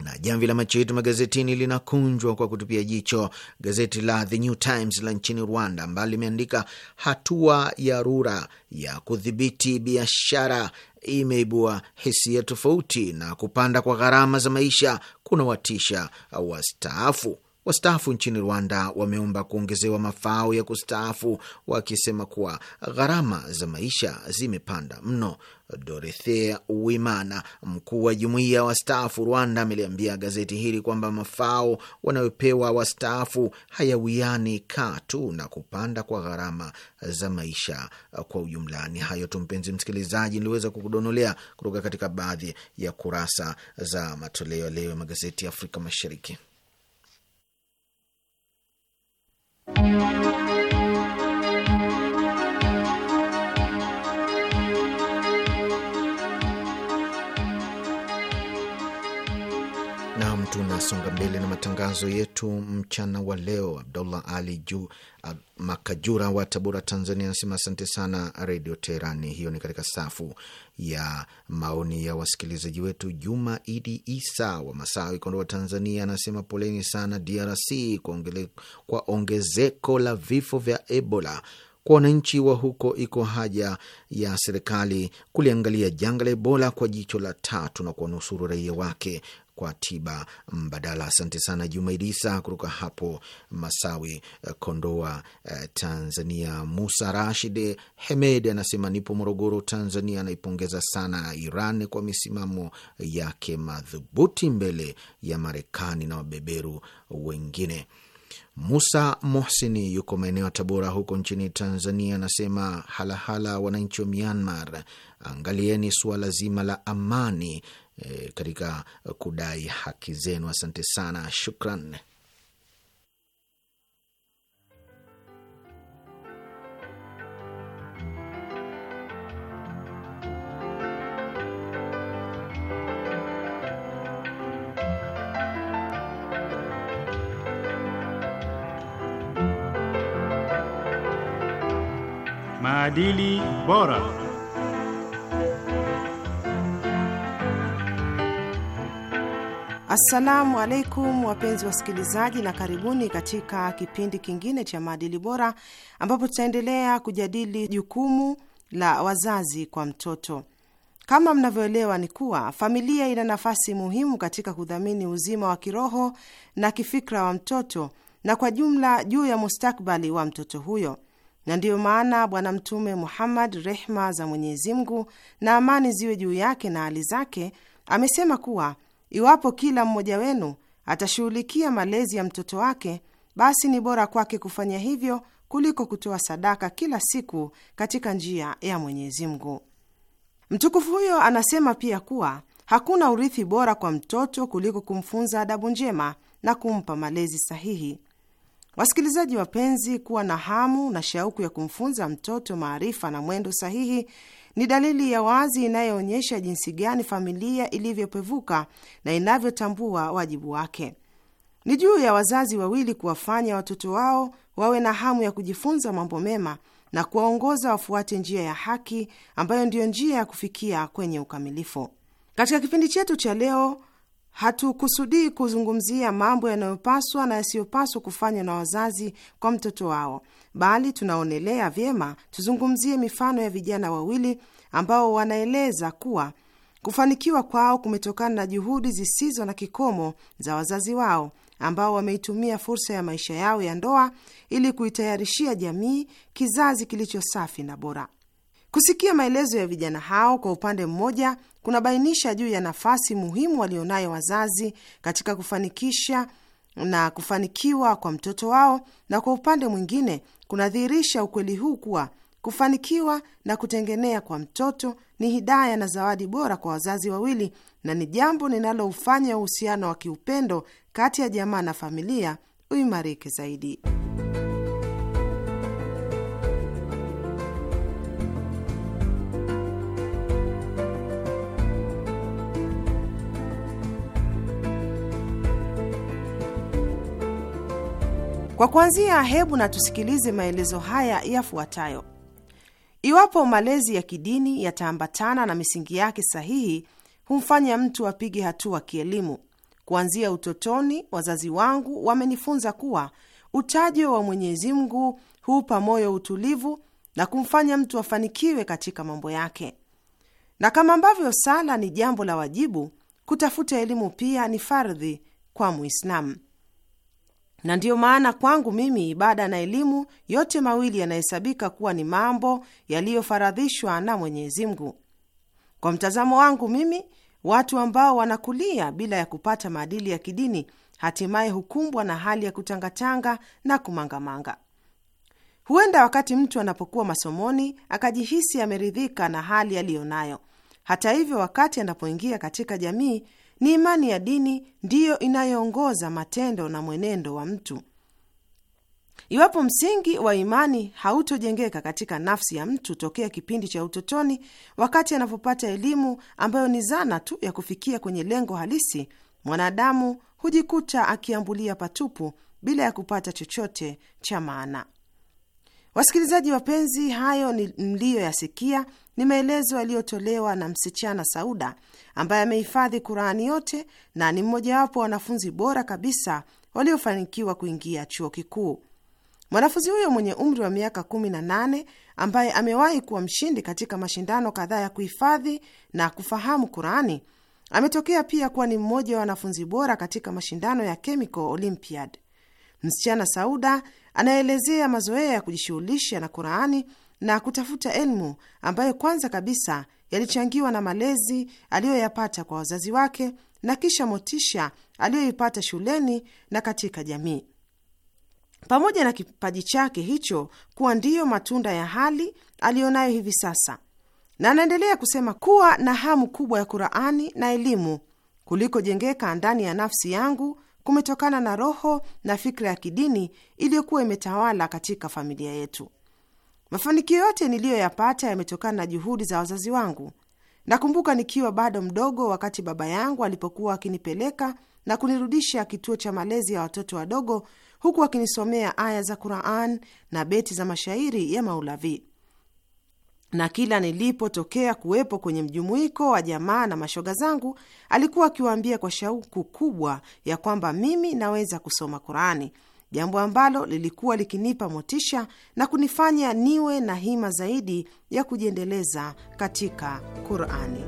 na jamvi la macho yetu magazetini linakunjwa kwa kutupia jicho gazeti la The New Times la nchini Rwanda, ambalo limeandika hatua ya Rura ya kudhibiti biashara imeibua hisia tofauti na kupanda kwa gharama za maisha kuna watisha wastaafu. Wastaafu nchini Rwanda wameomba kuongezewa mafao ya kustaafu wakisema kuwa gharama za maisha zimepanda mno. Dorothea Uwimana, mkuu wa jumuiya wastaafu Rwanda, ameliambia gazeti hili kwamba mafao wanayopewa wastaafu hayawiani katu na kupanda kwa gharama za maisha kwa ujumla. Ni hayo tu, mpenzi msikilizaji, niliweza kukudonolea kutoka katika baadhi ya kurasa za matoleo leo ya magazeti ya Afrika Mashariki. Música Tunasonga mbele na matangazo yetu mchana wa leo. Abdullah Ali Ju Makajura wa Tabora, Tanzania, anasema asante sana Redio Teherani. Hiyo ni katika safu ya maoni ya wasikilizaji wetu. Juma Idi Isa wa Masawi, Kondoa, Tanzania, anasema poleni sana DRC kwa, ongele, kwa ongezeko la vifo vya Ebola. Kwa wananchi wa huko iko haja ya serikali kuliangalia janga la Ebola kwa jicho la tatu na kuwanusuru raia wake kwa tiba mbadala. Asante sana Jumaidisa kutoka hapo Masawi, eh, Kondoa, eh, Tanzania. Musa Rashid Hemed anasema nipo Morogoro, Tanzania, anaipongeza sana Iran kwa misimamo yake madhubuti mbele ya Marekani na wabeberu wengine. Musa Mohsini yuko maeneo ya Tabora huko nchini Tanzania, anasema halahala, wananchi wa Myanmar, angalieni suala zima la amani Eh, katika kudai haki zenu. Asante sana, shukran. Maadili bora. Assalamu alaikum wapenzi wasikilizaji, na karibuni katika kipindi kingine cha maadili bora, ambapo tutaendelea kujadili jukumu la wazazi kwa mtoto. Kama mnavyoelewa ni kuwa familia ina nafasi muhimu katika kudhamini uzima wa kiroho na kifikra wa mtoto na kwa jumla juu ya mustakbali wa mtoto huyo, na ndiyo maana Bwana Mtume Muhammad, rehma za Mwenyezi Mungu na amani ziwe juu yake na hali zake, amesema kuwa Iwapo kila mmoja wenu atashughulikia malezi ya mtoto wake, basi ni bora kwake kufanya hivyo kuliko kutoa sadaka kila siku katika njia ya Mwenyezi Mungu. Mtukufu huyo anasema pia kuwa hakuna urithi bora kwa mtoto kuliko kumfunza adabu njema na kumpa malezi sahihi. Wasikilizaji wapenzi, kuwa na hamu na shauku ya kumfunza mtoto maarifa na mwendo sahihi ni dalili ya wazi inayoonyesha jinsi gani familia ilivyopevuka na inavyotambua wajibu wake. Ni juu ya wazazi wawili kuwafanya watoto wao wawe na hamu ya kujifunza mambo mema na kuwaongoza wafuate njia ya haki ambayo ndiyo njia ya kufikia kwenye ukamilifu. Katika kipindi chetu cha leo, hatukusudii kuzungumzia mambo yanayopaswa na yasiyopaswa kufanywa na wazazi kwa mtoto wao, bali tunaonelea vyema tuzungumzie mifano ya vijana wawili ambao wanaeleza kuwa kufanikiwa kwao kumetokana na juhudi zisizo na kikomo za wazazi wao ambao wameitumia fursa ya maisha yao ya ndoa ili kuitayarishia jamii kizazi kilicho safi na bora. Kusikia maelezo ya vijana hao kwa upande mmoja kunabainisha juu ya nafasi muhimu walionayo wazazi katika kufanikisha na kufanikiwa kwa mtoto wao, na kwa upande mwingine kunadhihirisha ukweli huu kuwa kufanikiwa na kutengenea kwa mtoto ni hidaya na zawadi bora kwa wazazi wawili, na ni jambo linaloufanya uhusiano wa kiupendo kati ya jamaa na familia uimarike zaidi. Kwa kuanzia, hebu na tusikilize maelezo haya yafuatayo. Iwapo malezi ya kidini yataambatana na misingi yake sahihi, humfanya mtu apige hatua kielimu. Kuanzia utotoni, wazazi wangu wamenifunza kuwa utajo wa Mwenyezi Mungu huupa moyo utulivu na kumfanya mtu afanikiwe katika mambo yake. Na kama ambavyo sala ni jambo la wajibu, kutafuta elimu pia ni fardhi kwa Muislamu na ndiyo maana kwangu mimi ibada na elimu yote mawili yanahesabika kuwa ni mambo yaliyofaradhishwa na Mwenyezi Mungu. Kwa mtazamo wangu mimi, watu ambao wanakulia bila ya kupata maadili ya kidini hatimaye hukumbwa na hali ya kutangatanga na kumangamanga. Huenda wakati mtu anapokuwa masomoni akajihisi ameridhika na hali nayo. Hata hivyo, wakati anapoingia katika jamii ni imani ya dini ndiyo inayoongoza matendo na mwenendo wa mtu. Iwapo msingi wa imani hautojengeka katika nafsi ya mtu tokea kipindi cha utotoni, wakati anapopata elimu ambayo ni zana tu ya kufikia kwenye lengo halisi, mwanadamu hujikuta akiambulia patupu bila ya kupata chochote cha maana. Wasikilizaji wapenzi, hayo mliyoyasikia ni maelezo yaliyotolewa na msichana Sauda ambaye amehifadhi Kurani yote na ni mmojawapo wa wanafunzi bora kabisa waliofanikiwa kuingia chuo kikuu. Mwanafunzi huyo mwenye umri wa miaka 18 ambaye amewahi kuwa mshindi katika mashindano kadhaa ya kuhifadhi na kufahamu Kurani ametokea pia kuwa ni mmoja wa wanafunzi bora katika mashindano ya Chemical Olympiad. Msichana Sauda anaelezea mazoea ya kujishughulisha na Qurani na kutafuta elmu ambayo kwanza kabisa yalichangiwa na malezi aliyoyapata kwa wazazi wake na kisha motisha aliyoipata shuleni na katika jamii. Pamoja na kipaji chake hicho kuwa ndiyo matunda ya hali aliyonayo hivi sasa, na anaendelea kusema kuwa na hamu kubwa ya Qurani na elimu kulikojengeka ndani ya nafsi yangu kumetokana na roho na fikra ya kidini iliyokuwa imetawala katika familia yetu. Mafanikio yote niliyoyapata yametokana na juhudi za wazazi wangu. Nakumbuka nikiwa bado mdogo, wakati baba yangu alipokuwa akinipeleka na kunirudisha kituo cha malezi ya watoto wadogo, huku akinisomea aya za Quran na beti za mashairi ya Maulavi, na kila nilipotokea kuwepo kwenye mjumuiko wa jamaa na mashoga zangu, alikuwa akiwaambia kwa shauku kubwa ya kwamba mimi naweza kusoma Qurani jambo ambalo lilikuwa likinipa motisha na kunifanya niwe na hima zaidi ya kujiendeleza katika Qurani.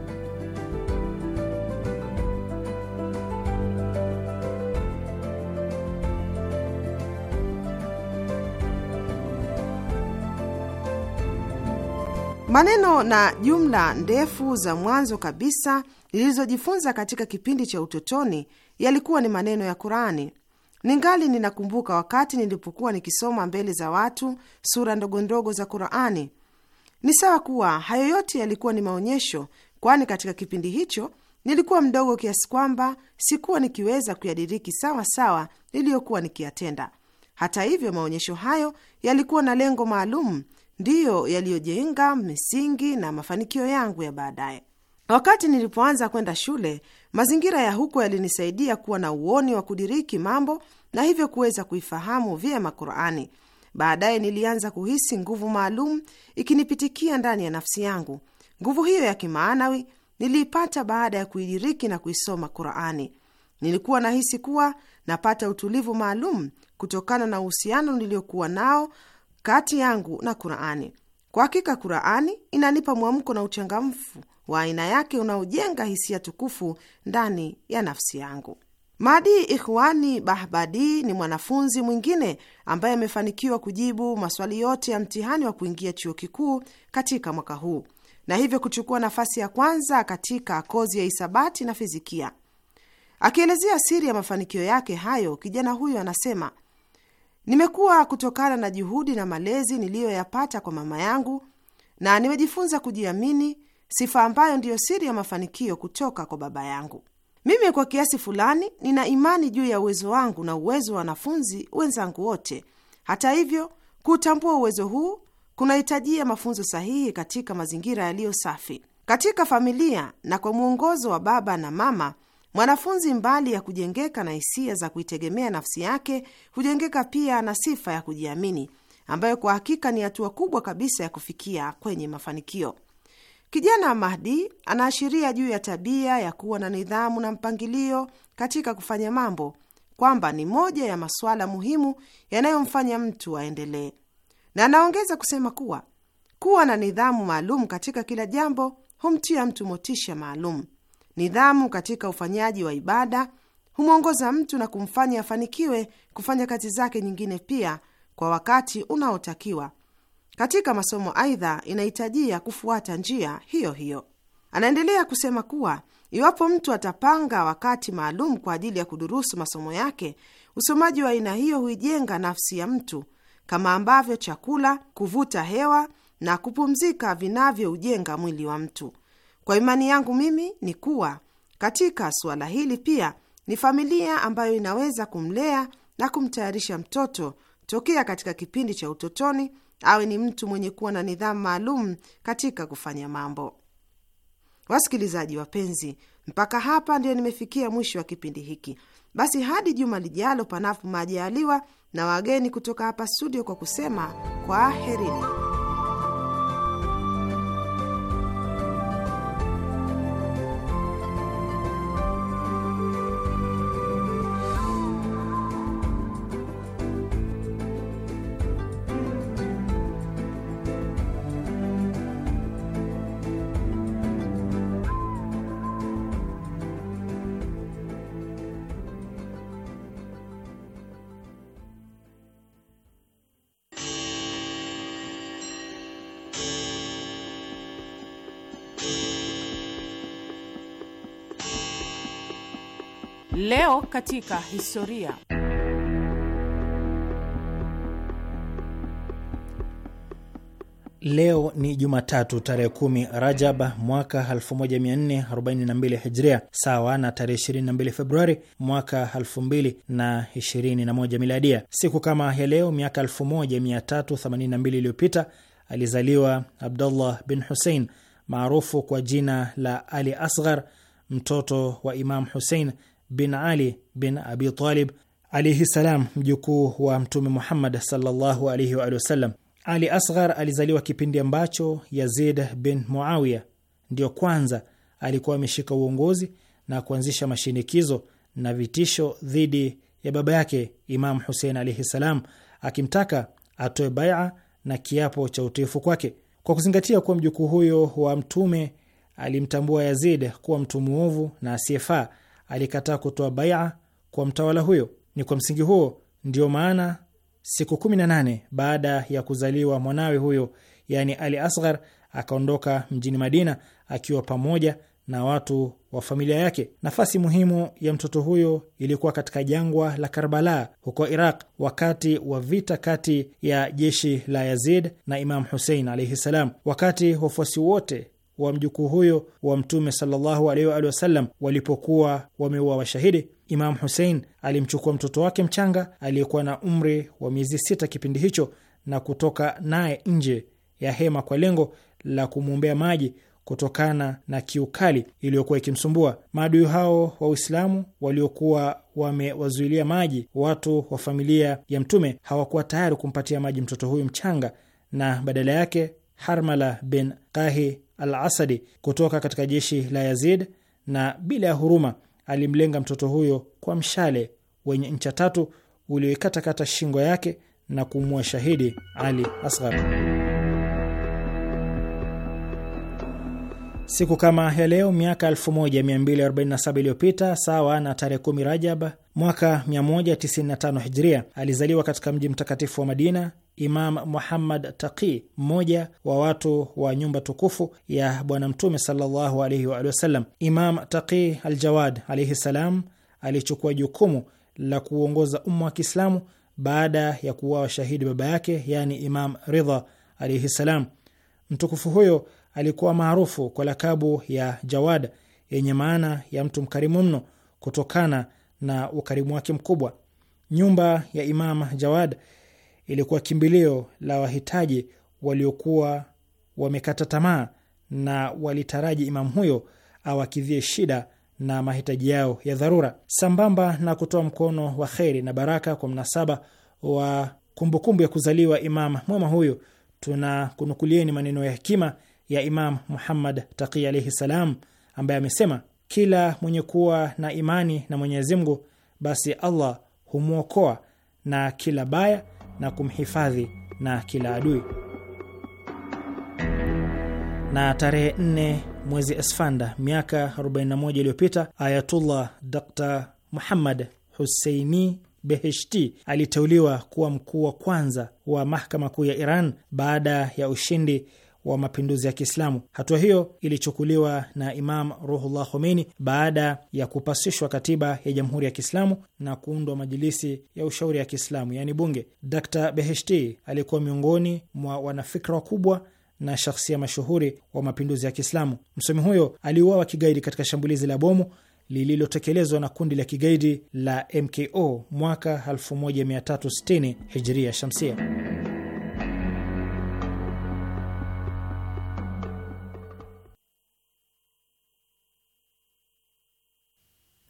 Maneno na jumla ndefu za mwanzo kabisa nilizojifunza katika kipindi cha utotoni yalikuwa ni maneno ya Qurani Ningali ninakumbuka wakati nilipokuwa nikisoma mbele za watu sura ndogondogo za Qurani. Ni sawa kuwa hayo yote yalikuwa ni maonyesho, kwani katika kipindi hicho nilikuwa mdogo kiasi kwamba sikuwa nikiweza kuyadiriki sawa sawa niliyokuwa nikiyatenda. Hata hivyo, maonyesho hayo yalikuwa na lengo maalum, ndiyo yaliyojenga misingi na mafanikio yangu ya baadaye. Wakati nilipoanza kwenda shule, mazingira ya huko yalinisaidia kuwa na uoni wa kudiriki mambo na hivyo kuweza kuifahamu vyema Qurani. Baadaye nilianza kuhisi nguvu maalum ikinipitikia ndani ya nafsi yangu. Nguvu hiyo ya kimaanawi niliipata baada ya kuidiriki na kuisoma Qurani. Nilikuwa nahisi kuwa napata utulivu maalum kutokana na uhusiano niliokuwa nao kati yangu na Qurani. Kwa hakika Qurani inanipa mwamko na uchangamfu wa aina yake unaojenga hisia tukufu ndani ya nafsi yangu. Madi Ikhwani Bahbadi ni mwanafunzi mwingine ambaye amefanikiwa kujibu maswali yote ya mtihani wa kuingia chuo kikuu katika mwaka huu na hivyo kuchukua nafasi ya kwanza katika kozi ya hisabati na fizikia. Akielezea siri ya mafanikio yake hayo, kijana huyo anasema, nimekuwa kutokana na juhudi na malezi niliyoyapata kwa mama yangu, na nimejifunza kujiamini sifa ambayo ndiyo siri ya mafanikio kutoka kwa baba yangu. Mimi kwa kiasi fulani nina imani juu ya uwezo wangu na uwezo wa wanafunzi wenzangu wote. Hata hivyo, kutambua uwezo huu kunahitajia mafunzo sahihi katika mazingira yaliyo safi, katika familia na kwa mwongozo wa baba na mama. Mwanafunzi mbali ya kujengeka na hisia za kuitegemea nafsi yake, hujengeka pia na sifa ya kujiamini, ambayo kwa hakika ni hatua kubwa kabisa ya kufikia kwenye mafanikio. Kijana Mahdi anaashiria juu ya tabia ya kuwa na nidhamu na mpangilio katika kufanya mambo, kwamba ni moja ya masuala muhimu yanayomfanya mtu aendelee, na anaongeza kusema kuwa kuwa na nidhamu maalum katika kila jambo humtia mtu motisha maalum. Nidhamu katika ufanyaji wa ibada humwongoza mtu na kumfanya afanikiwe kufanya kazi zake nyingine pia kwa wakati unaotakiwa katika masomo. Aidha, inahitajia kufuata njia hiyo hiyo. Anaendelea kusema kuwa iwapo mtu atapanga wakati maalum kwa ajili ya kudurusu masomo yake, usomaji wa aina hiyo huijenga nafsi ya mtu kama ambavyo chakula, kuvuta hewa na kupumzika vinavyoujenga mwili wa mtu. Kwa imani yangu mimi ni kuwa katika suala hili pia ni familia ambayo inaweza kumlea na kumtayarisha mtoto tokea katika kipindi cha utotoni awe ni mtu mwenye kuwa na nidhamu maalum katika kufanya mambo. Wasikilizaji wapenzi, mpaka hapa ndio nimefikia mwisho wa kipindi hiki. Basi hadi juma lijalo, panapo majaaliwa na wageni kutoka hapa studio, kwa kusema kwa kwaherini. Leo katika historia. Leo ni Jumatatu tarehe kumi Rajab mwaka 1442 Hijria, sawa na tarehe 22 Februari mwaka 2021 Miladia. Siku kama ya leo miaka 1382 iliyopita alizaliwa Abdullah bin Hussein maarufu kwa jina la Ali Asghar, mtoto wa Imam Hussein bin Ali bin Abi Talib alaihi salam, mjukuu wa Mtume Muhammad sallallahu alaihi wa sallam. Ali Asghar alizaliwa kipindi ambacho Yazid bin Muawiya ndiyo kwanza alikuwa ameshika uongozi na kuanzisha mashinikizo na vitisho dhidi ya baba yake Imam Husein alaihi salam, akimtaka atoe baia na kiapo cha utiifu kwake. Kwa kuzingatia kuwa mjukuu huyo wa Mtume alimtambua Yazid kuwa mtu mwovu na asiyefaa, alikataa kutoa baia kwa mtawala huyo. Ni kwa msingi huo ndiyo maana siku 18 baada ya kuzaliwa mwanawe huyo, yani Ali Asghar, akaondoka mjini Madina akiwa pamoja na watu wa familia yake. Nafasi muhimu ya mtoto huyo ilikuwa katika jangwa la Karbala huko Iraq, wakati wa vita kati ya jeshi la Yazid na Imam Husein alaihi salam. Wakati wafuasi wote wa mjukuu huyo wa Mtume sallallahu alaihi wa walipokuwa wameua washahidi. imamu husein alimchukua mtoto wake mchanga aliyekuwa na umri wa miezi sita kipindi hicho na kutoka naye nje ya hema kwa lengo la kumwombea maji kutokana na kiukali iliyokuwa ikimsumbua. Maadui hao wa Uislamu waliokuwa wamewazuilia maji watu wa familia ya Mtume hawakuwa tayari kumpatia maji mtoto huyu mchanga, na badala yake Harmala bin Qahi al Asadi kutoka katika jeshi la Yazid, na bila ya huruma alimlenga mtoto huyo kwa mshale wenye ncha tatu ulioikatakata shingo yake na kumua shahidi Ali Asghar. Siku kama ya leo miaka 1247 iliyopita, sawa na tarehe 10 Rajab mwaka 195 Hijria, alizaliwa katika mji mtakatifu wa Madina Imam Muhammad Taqi, mmoja wa watu wa nyumba tukufu ya Bwana Mtume sallallahu alaihi wa alihi wasallam. Imam Taqi Aljawad alaihi salam alichukua jukumu la kuuongoza umma wa Kiislamu baada ya kuwa shahidi baba yake, yani Imam Ridha alaihi salam. Mtukufu huyo alikuwa maarufu kwa lakabu ya Jawad yenye maana ya mtu mkarimu mno kutokana na ukarimu wake mkubwa. Nyumba ya Imam Jawad ilikuwa kimbilio la wahitaji waliokuwa wamekata tamaa na walitaraji imam huyo awakidhie shida na mahitaji yao ya dharura, sambamba na kutoa mkono wa kheri na baraka kwa mnasaba wa kumbukumbu ya kuzaliwa imam mwema huyo. Tuna kunukulieni maneno ya hekima ya Imam Muhammad Taqi alaihi salam, ambaye amesema kila mwenye kuwa na imani na Mwenyezi Mungu basi Allah humwokoa na kila baya na kumhifadhi na kila adui. Na tarehe nne mwezi Esfanda miaka 41 iliyopita Ayatullah Dr Muhammad Huseini Beheshti aliteuliwa kuwa mkuu wa kwanza wa mahakama kuu ya Iran baada ya ushindi wa mapinduzi ya Kiislamu. Hatua hiyo ilichukuliwa na Imam Ruhullah Khomeini baada ya kupasishwa katiba ya Jamhuri ya Kiislamu na kuundwa Majilisi ya Ushauri ya Kiislamu, yaani bunge. Dr Beheshti alikuwa miongoni mwa wanafikra wakubwa na shakhsia mashuhuri wa mapinduzi ya Kiislamu. Msomi huyo aliuawa kigaidi katika shambulizi la bomu lililotekelezwa na kundi la kigaidi la MKO mwaka 1360 Hijria Shamsia.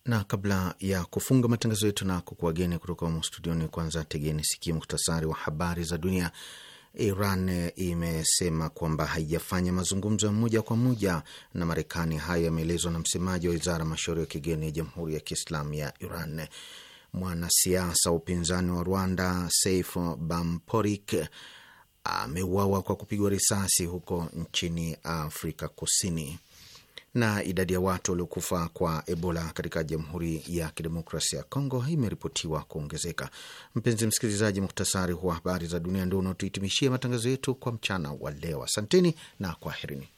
na kabla ya kufunga matangazo yetu na kukuageni kutoka humo studioni, kwanza tegeni sikio muhtasari wa habari za dunia. Iran imesema kwamba haijafanya mazungumzo ya moja kwa moja na Marekani. Hayo yameelezwa na msemaji wa wizara mashauri ya kigeni ya Jamhuri ya Kiislamu ya Iran. Mwanasiasa wa upinzani wa Rwanda Saif Bamporik ameuawa kwa kupigwa risasi huko nchini Afrika Kusini na idadi ya watu waliokufa kwa Ebola katika Jamhuri ya Kidemokrasia ya Kongo imeripotiwa kuongezeka. Mpenzi msikilizaji, muktasari wa habari za dunia ndio unaotuhitimishia matangazo yetu kwa mchana wa leo. Asanteni na kwaherini.